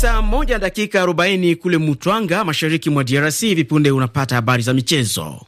Saa moja dakika 40 kule Mutwanga, mashariki mwa DRC. Hivi punde unapata habari za michezo.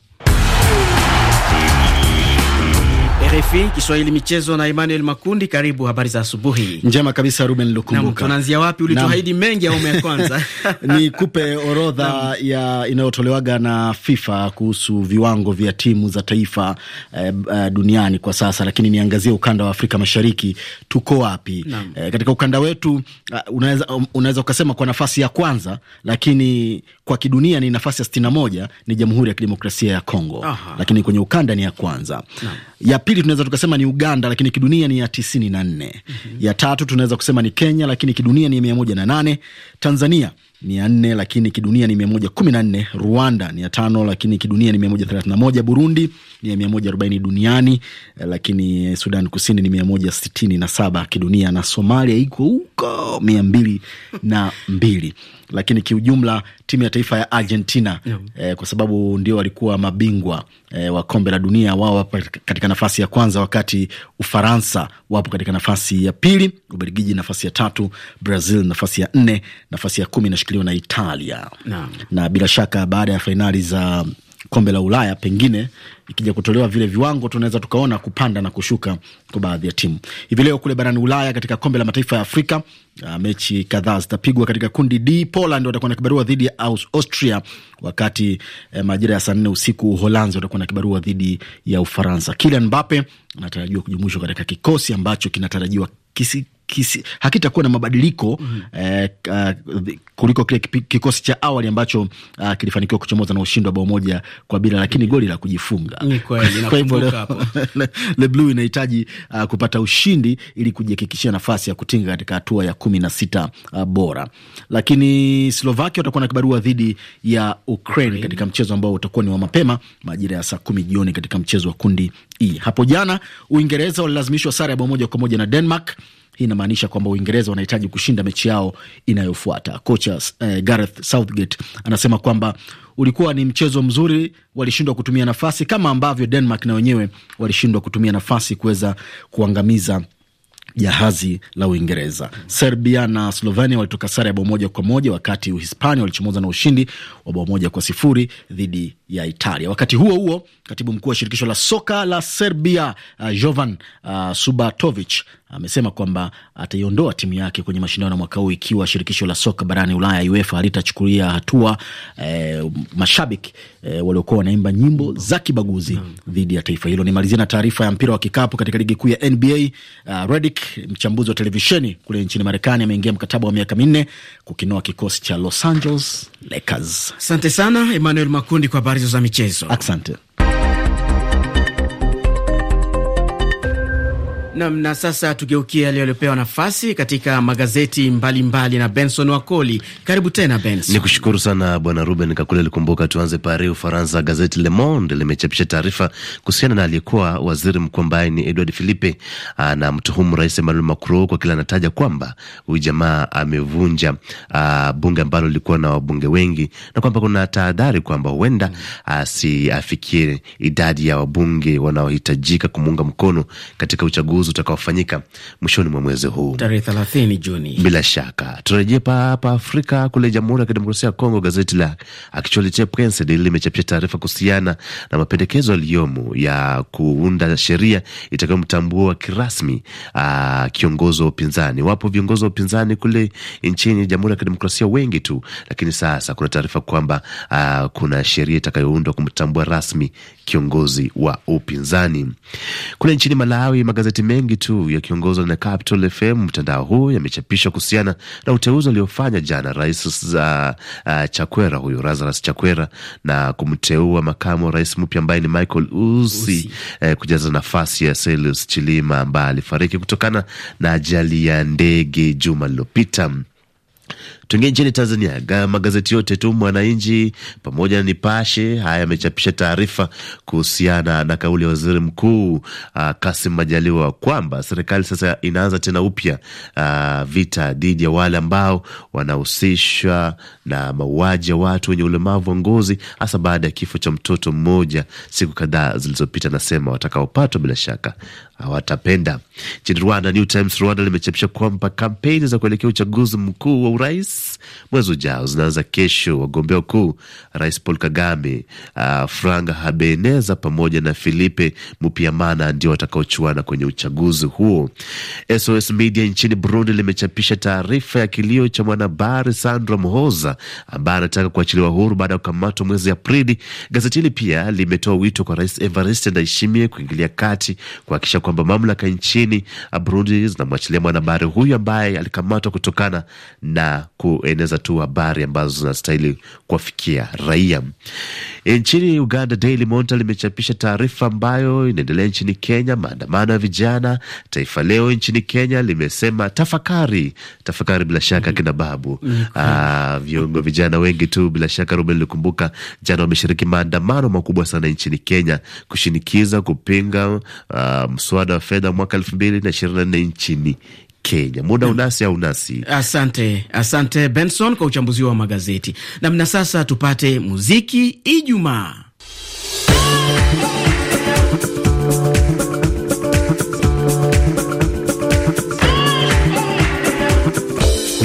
RFI Kiswahili michezo na Emmanuel Makundi, karibu. Habari za asubuhi. Njema kabisa Ruben Lukumbuka. Tunaanzia wapi? Ulituahidi mengi awamu ya kwanza kupe orodha ya inayotolewaga na FIFA kuhusu viwango vya timu za taifa eh, eh, duniani kwa sasa, lakini niangazie ukanda wa Afrika Mashariki, tuko wapi? Eh, katika ukanda wetu eh, unaweza um, unaweza ukasema kwa nafasi ya kwanza, lakini kwa kidunia ni nafasi ya sitini na moja ni Jamhuri ya Kidemokrasia ya Kongo. Aha. Lakini kwenye ukanda ni ya kwanza na. Ya pili tunaweza tukasema ni Uganda, lakini kidunia ni ya tisini na nne. mm -hmm. Ya tatu tunaweza kusema ni Kenya, lakini kidunia ni mia moja na nane. Tanzania mia nne lakini kidunia ni mia moja kumi na nne. Rwanda ni ya tano lakini kidunia ni mia moja thelathini na moja. Burundi ni ya mia moja arobaini duniani, eh, lakini Sudan Kusini ni mia moja sitini na saba kidunia, na Somalia iko huko mia mbili na mbili lakini kiujumla timu ya taifa ya Argentina yeah. Eh, kwa sababu ndio walikuwa mabingwa eh, wa kombe la dunia, wao wapo katika nafasi ya kwanza, wakati Ufaransa wapo katika nafasi ya pili, Ubelgiji nafasi ya tatu, Brazil nafasi ya nne, nafasi ya kumi inashikiliwa na Italia yeah. Na bila shaka baada ya fainali za kombe la Ulaya, pengine ikija kutolewa vile viwango, tunaweza tukaona kupanda na kushuka kwa baadhi ya timu. Hivi leo kule barani Ulaya, katika kombe la mataifa ya Afrika, ah, mechi kadhaa zitapigwa katika kundi D. Poland watakuwa na kibarua dhidi ya Austria, wakati eh, majira ya saa nne usiku Uholanzi watakuwa na kibarua dhidi ya Ufaransa. Kylian Mbappe anatarajiwa kujumuishwa katika kikosi ambacho kinatarajiwa kisi hakitakuwa na mabadiliko mm -hmm. eh, uh, kuliko kile kikosi cha awali ambacho uh, kilifanikiwa kuchomoza na ushindi wa bao moja kwa bila, lakini goli la kujifunga. Le Blue inahitaji uh, kupata ushindi ili kujihakikishia nafasi ya kutinga katika hatua ya kumi na sita uh, bora, lakini Slovakia watakuwa na kibarua dhidi ya Ukraine katika mchezo ambao utakuwa ni wa mapema majira ya saa kumi jioni katika mchezo wa kundi E. Hapo jana Uingereza walilazimishwa sare ya bao moja kwa moja na Denmark. Hii inamaanisha kwamba Uingereza wanahitaji kushinda mechi yao inayofuata. Kocha eh, Gareth Southgate anasema kwamba ulikuwa ni mchezo mzuri, walishindwa kutumia nafasi kama ambavyo Denmark na wenyewe walishindwa kutumia nafasi kuweza kuangamiza jahazi la Uingereza. Serbia na Slovenia walitoka sare ya bao moja kwa moja, wakati Uhispania walichomoza na ushindi wa bao moja kwa sifuri dhidi ya Italia. Wakati huo huo, katibu mkuu wa shirikisho la soka la Serbia uh, Jovan uh, eh, Subatovich amesema kwamba ataiondoa timu yake kwenye mashindano ya mwaka huu ikiwa shirikisho la soka barani Ulaya UEFA halitachukulia hatua eh, mashabiki eh, waliokuwa wanaimba nyimbo za kibaguzi hmm. dhidi ya taifa hilo. Nimalizia na taarifa ya mpira wa kikapu katika ligi kuu ya NBA. Uh, ah, Redick mchambuzi wa televisheni kule nchini Marekani ameingia mkataba wa miaka minne kukinoa kikosi cha Los Angeles Lakers. Asante sana Emmanuel Makundi kwa habari hizo za michezo. Asante. Nam, na sasa tugeukie yale yaliyopewa nafasi katika magazeti mbalimbali mbali na Benson Wakoli. Karibu tena Benson. Ni kushukuru sana bwana Ruben Kakule Likumbuka. Tuanze Paris, Ufaransa. Gazeti Le Monde limechapisha taarifa kuhusiana na aliyekuwa waziri mkuu ambaye ni Edward Philipe ah, mtuhumu Rais Emmanuel Macron kwa kile anataja kwamba huyu jamaa amevunja ah, bunge ambalo lilikuwa na wabunge wengi na kwamba kuna tahadhari kwamba huenda asiafikie idadi ya wabunge wanaohitajika kumuunga mkono katika uchaguzi uchaguzi utakaofanyika mwishoni mwa mwezi huu tarehe thelathini Juni. Bila shaka tunarejea hapa Afrika, kule Jamhuri ya Kidemokrasia ya Kongo. Gazeti la Actualite Prince limechapisha taarifa kuhusiana na mapendekezo yaliyomo ya kuunda sheria itakayomtambua kirasmi ah, kiongozi wa upinzani. Wapo viongozi wa upinzani kule nchini Jamhuri ya Kidemokrasia wengi tu, lakini sasa kuna taarifa kwamba ah, kuna sheria itakayoundwa kumtambua rasmi kiongozi wa upinzani. Kule nchini Malawi, magazeti mengi tu yakiongozwa na Capital FM mtandao huu yamechapishwa kuhusiana na uteuzi aliofanya jana rais za, uh, Chakwera huyu Lazarus Chakwera na kumteua makamu wa rais mpya ambaye ni Michael Usi, Usi. Eh, kujaza nafasi ya Celius Chilima ambaye alifariki kutokana na ajali ya ndege juma lililopita. Tuingie nchini Tanzania, magazeti yote tu Mwananchi pamoja na Nipashe haya yamechapisha taarifa kuhusiana na kauli ya waziri mkuu uh, Kasim Majaliwa kwamba serikali sasa inaanza tena upya uh, vita dhidi ya wale ambao wanahusishwa na mauaji ya watu wenye ulemavu wa ngozi, hasa baada ya kifo cha mtoto mmoja siku kadhaa zilizopita, nasema watakaopatwa bila shaka hawatapenda. Nchini Rwanda, New Times Rwanda limechapisha kwamba kampeni za kuelekea uchaguzi mkuu wa urais mwezi ujao zinaanza kesho. Wagombea wakuu Rais Paul Kagame, uh, Frank Habeneza pamoja na Filipe Mupiamana ndio watakaochuana kwenye uchaguzi huo. SOS Media nchini Burundi limechapisha taarifa ya kilio cha mwanahabari Sandra Mhoza ambaye anataka kuachiliwa huru baada ya kukamatwa mwezi Aprili. Gazeti hili pia limetoa wito kwa Rais Evariste Ndayishimiye kuingilia kati kuhakikisha kwamba mamlaka nchini uh, Burundi zinamwachilia mwanahabari huyu ambaye alikamatwa kutokana na kueneza tu habari ambazo zinastahili kuwafikia raia. Nchini Uganda, Daily Monitor limechapisha taarifa ambayo inaendelea nchini Kenya, maandamano ya vijana. Taifa Leo nchini Kenya limesema tafakari, tafakari bila shaka mm kina babu mm viongo vijana wengi tu bila shaka Ruben likumbuka jana wameshiriki maandamano makubwa sana nchini Kenya kushinikiza kupinga ah, mswada wa fedha mwaka elfu mbili na ishirini na nne nchini Kenya. Muda unasi au nasi. Asante, asante Benson kwa uchambuzi wa magazeti namna. Sasa tupate muziki Ijumaa.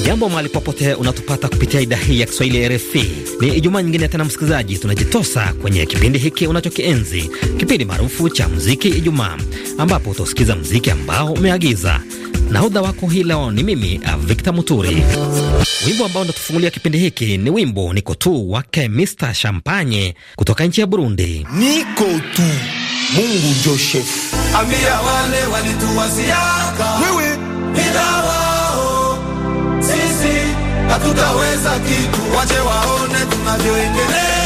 Jambo mahali popote unatupata kupitia idhaa hii ya Kiswahili ya RFI. Ni Ijumaa nyingine tena, msikilizaji, tunajitosa kwenye kipindi hiki unachokienzi, kipindi maarufu cha muziki Ijumaa, ambapo utausikiza muziki ambao umeagiza Nahodha wako hii leo ni mimi uh, Victor Muturi. Wimbo ambao unatufungulia kipindi hiki ni wimbo niko tu wake Mr Champagne kutoka nchi ya Burundi. Niko tu Mungu njo ambia wale walituwasiaka wewe bila wao sisi hatutaweza kitu, waje waone tunavyoendelea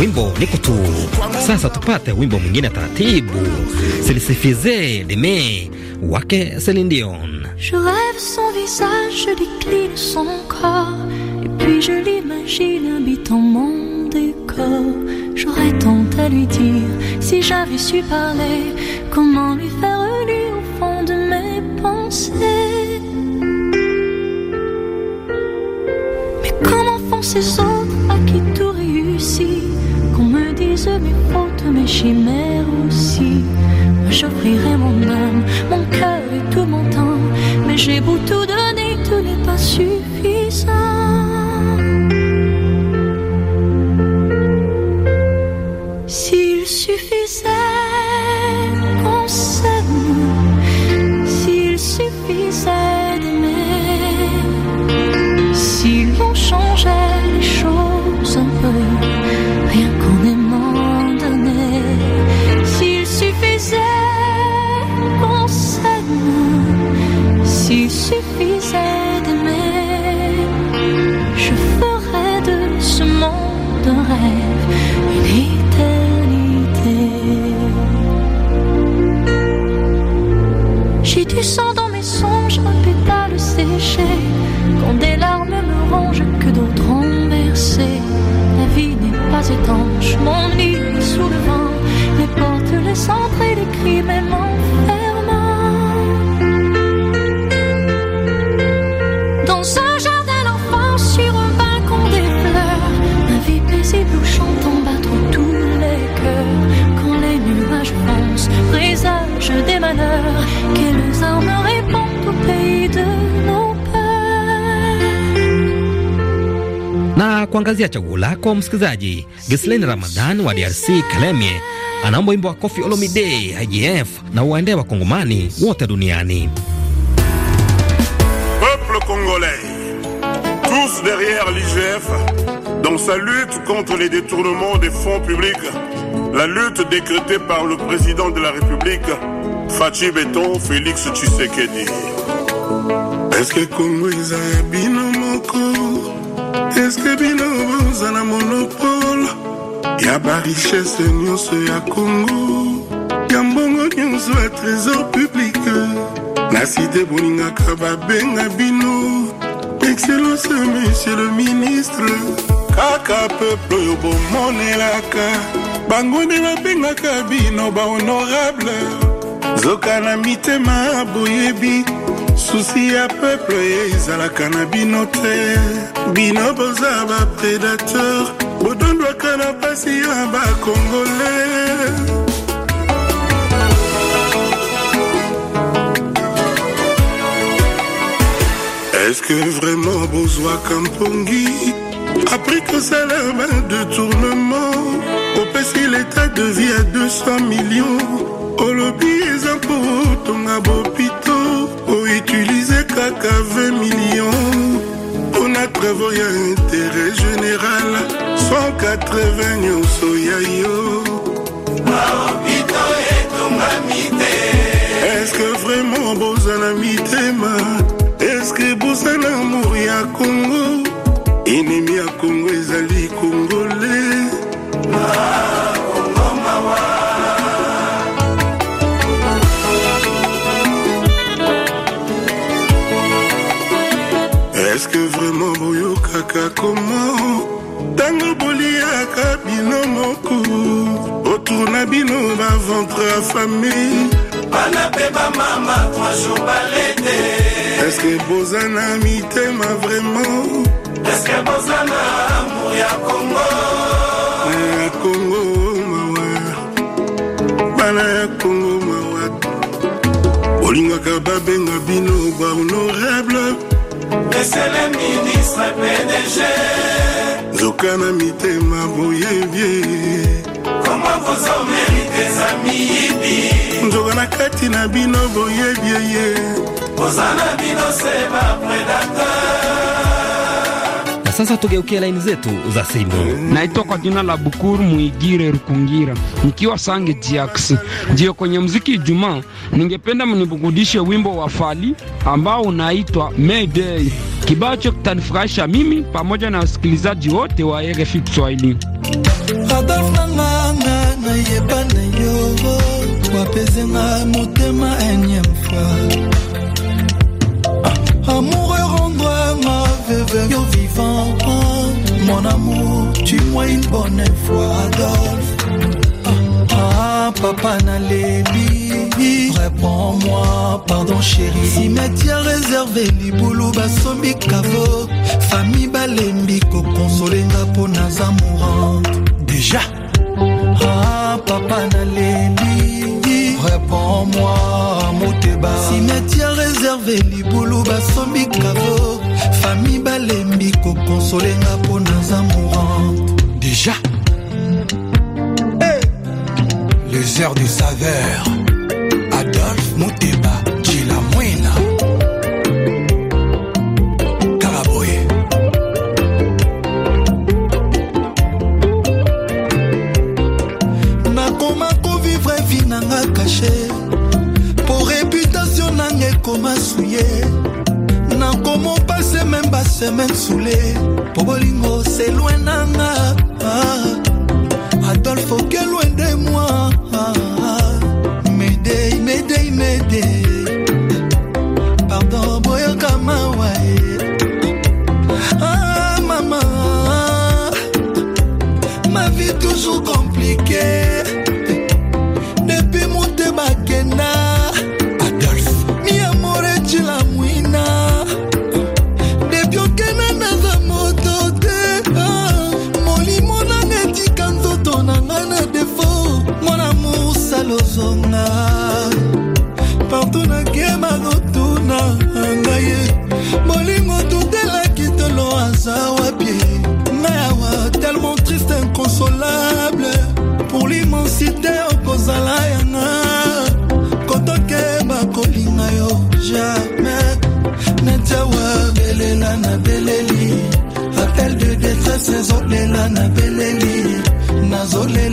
wimbo Sasa tupate wimbo mwingine taratibu, deme wake Celine Dion. Je rêve son visage, je décline son corps, et puis je l'imagine habitant mon décor. J'aurais tant à lui dire si j'avais su parler, comment lui faire lire au fond de mes pensées. Mais comment font ces autres à qui mes mes chimères aussi. J'offrirai mon âme, mon cœur et tout mon temps, mais j'ai beau tout donner tout n'est pas suffisant. Na kuangazia chaguo lako msikilizaji, Gislin Ramadan wa DRC Kalemie anaomba wimbo wa Kofi Olomide IGF na uwaendee kongomani wote duniani. Peuple congolais, tous derrière l'IGF dans sa lutte contre les détournements des fonds publics, la lutte décrétée par le président de la République, Fachi Beton Félix Tshisekedi. Est-ce que Congo ezaya bino moko eske bino bozala monopole ya barichese nyonso ya kongo ya mbongo nyonso ya trésor publike na site bolingaka babenga bino excellence monsieur le ministre kaka peuple oyo bomonelaka bango nde babengaka bino honorable. zoka na mitema boyebi susi ya peuple ezalaka na bino te bino boza bapredateur bodondwaka na congolais Est-ce que vraiment bozwaka mpongi de kosala Au opesi l'état de vie à 200 millions olobi eza mpo ton bopita à 20 millions a travaillé à intérêt général 180 est est yo baopito est-ce que vraiment ce que eske bozala amour ya Congo? inimi ya Congo ezali kongole boliaka komo ntango boliaka bino moko otourna bino baventre afame bana mpe bamama trajo balete eske boza na mitema vraiment eske boza na amour ya kongo ya kongo mawa bana ya kongo mawa bolingaka babenga bino honorable esele ministre pdg nzoka na mitema boyebie koma vozomerite eza miyibi nzoka na kati na bino boyebie ye koza na bino se bapredateur Sasa tugeukie laini zetu za simu. Naitwa kwa jina la Bukuru mwigire Rukungira, nikiwa Sange Jiaksi ndio kwenye mziki Ijumaa. Ningependa mnibugudishe wimbo wa Fali ambao unaitwa Mayday. Kibao cho kitanifurahisha mimi pamoja na wasikilizaji wote wa RFI Kiswahili. une bonne fois Adolphe. Ah, ah papa Nalébi, réponds-moi, pardon chérie. Si métier réservé, boulou basombi kavo, famille balembi, ko na pour Déjà. Ah papa Nalébi, réponds-moi, moteba. Si métier réservé, liboulou basombi kavo, famille balembi, ko n'a pour nos Déjà Les heures de saveur Adolphe Mouteba, Gila Mouina. Caraboué. caché Pour réputation nanga Na comment souillé. Na comment passer même basse même soule Pour bolingo loin nanga faut que loin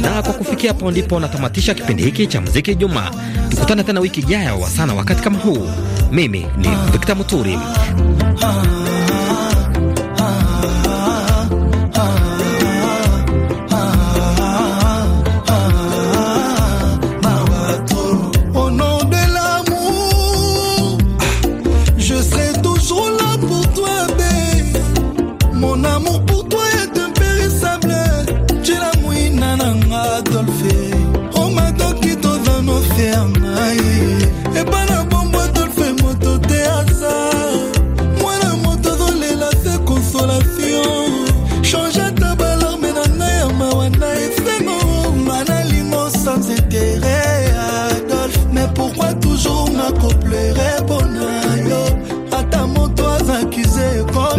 na kwa kufikia hapo ndipo natamatisha kipindi hiki cha muziki Juma. Tukutane tena wiki ijayo wa sana wakati kama huu. Mimi ni Victor Muturi. Ah,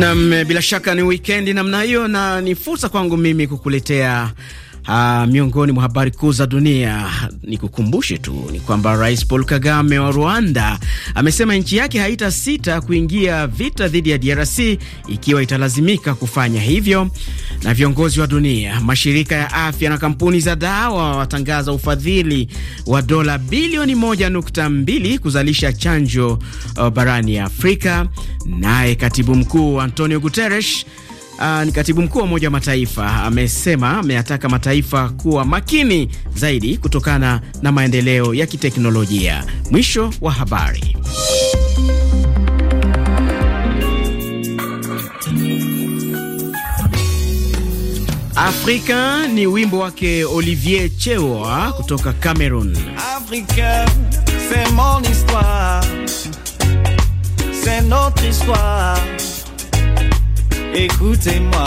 Nam, eh, bila shaka ni wikendi namna hiyo, na ni fursa kwangu mimi kukuletea Aa, ah, miongoni mwa habari kuu za dunia ni kukumbushe tu ni kwamba Rais Paul Kagame wa Rwanda amesema nchi yake haita sita kuingia vita dhidi ya DRC ikiwa italazimika kufanya hivyo. Na viongozi wa dunia, mashirika ya afya na kampuni za dawa watangaza ufadhili wa dola bilioni 1.2 kuzalisha chanjo uh, barani Afrika. Naye katibu mkuu Antonio Guterres uh, ni katibu mkuu wa Umoja wa Mataifa amesema ameyataka mataifa kuwa makini zaidi kutokana na maendeleo ya kiteknolojia. Mwisho wa habari. Afrika ni wimbo wake Olivier Chewa ah, kutoka Cameroon. Afrika, c'est mon histoire. C'est notre histoire. écoutez-moi.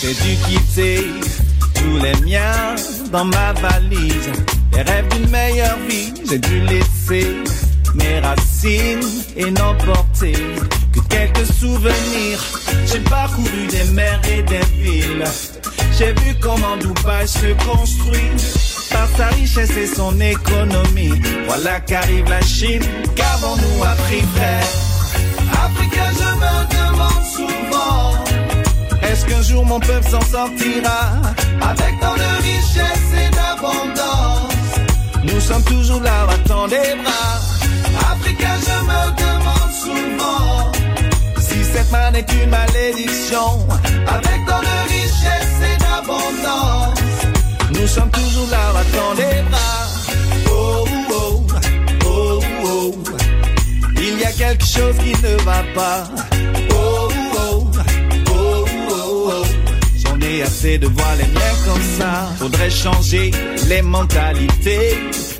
J'ai dû quitter tous les miens dans ma valise. Les rêves d'une meilleure vie, j'ai dû laisser mes racines et n'emporter que quelques souvenirs. J'ai parcouru des mers et des villes. J'ai vu comment Dubaï se construit par sa richesse et son économie. Voilà qu'arrive la Chine, qu'avons-nous appris frère Afrique, je me demande souvent Est-ce qu'un jour mon peuple s'en sortira Avec tant de richesse et d'abondance Nous sommes toujours là, battant des bras Afrique, je me demande souvent Si cette manne est une malédiction Avec tant de richesse et d'abondance Nous sommes toujours là, battant des bras quelque chose qui ne va pas. Oh oh, oh oh, oh oh J'en ai assez de voir les miens comme ça. Faudrait changer les mentalités.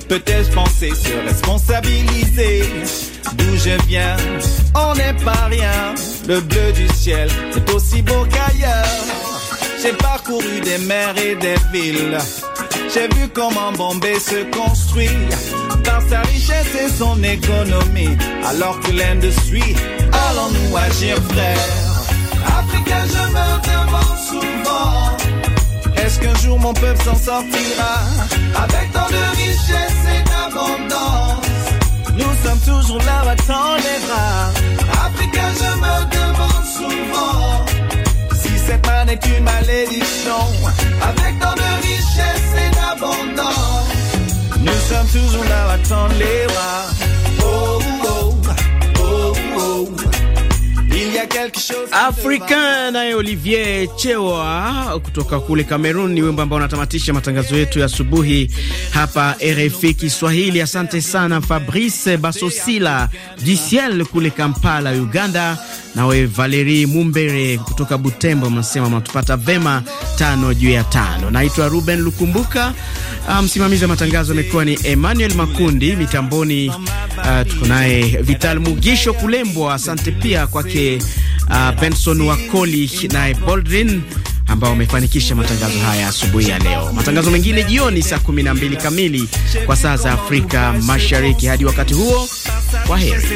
Peut-être penser se responsabiliser. D'où je viens, on n'est pas rien. Le bleu du ciel, est aussi beau qu'ailleurs. J'ai parcouru des mers et des villes j'ai vu comment Bombay se construit par sa richesse et son économie. Alors que suit allons-nous agir frère Africa, je me demande souvent Est-ce qu'un jour mon peuple s'en sortira Avec tant de richesse et d'abondance nous sommes toujours là, à les bras. Africa, je me demande souvent cette pas est qu'une malédiction. Avec tant de richesse et d'abondance, nous sommes toujours là à tendre les rois. Oh, oh, oh, oh. oh. African naye Olivier Chewa kutoka kule cameroon ni wimbo ambao unatamatisha matangazo yetu ya asubuhi hapa RFI Kiswahili. Asante sana Fabrice Basosila Jisiel kule Kampala, Uganda. Nawe Valeri Mumbere kutoka Butembo mnasema mnatupata vema tano juu ya tano. Naitwa Ruben Lukumbuka, ah, msimamizi um, wa matangazo amekuwa ni Emmanuel Makundi mitamboni uh, tuko naye Vital Mugisho Kulembwa, asante pia kwake uh, Benson Wakoli naye Boldrin ambao wamefanikisha matangazo haya asubuhi ya leo. Matangazo mengine jioni saa 12 kamili kwa saa za Afrika Mashariki. Hadi wakati huo, kwa heri.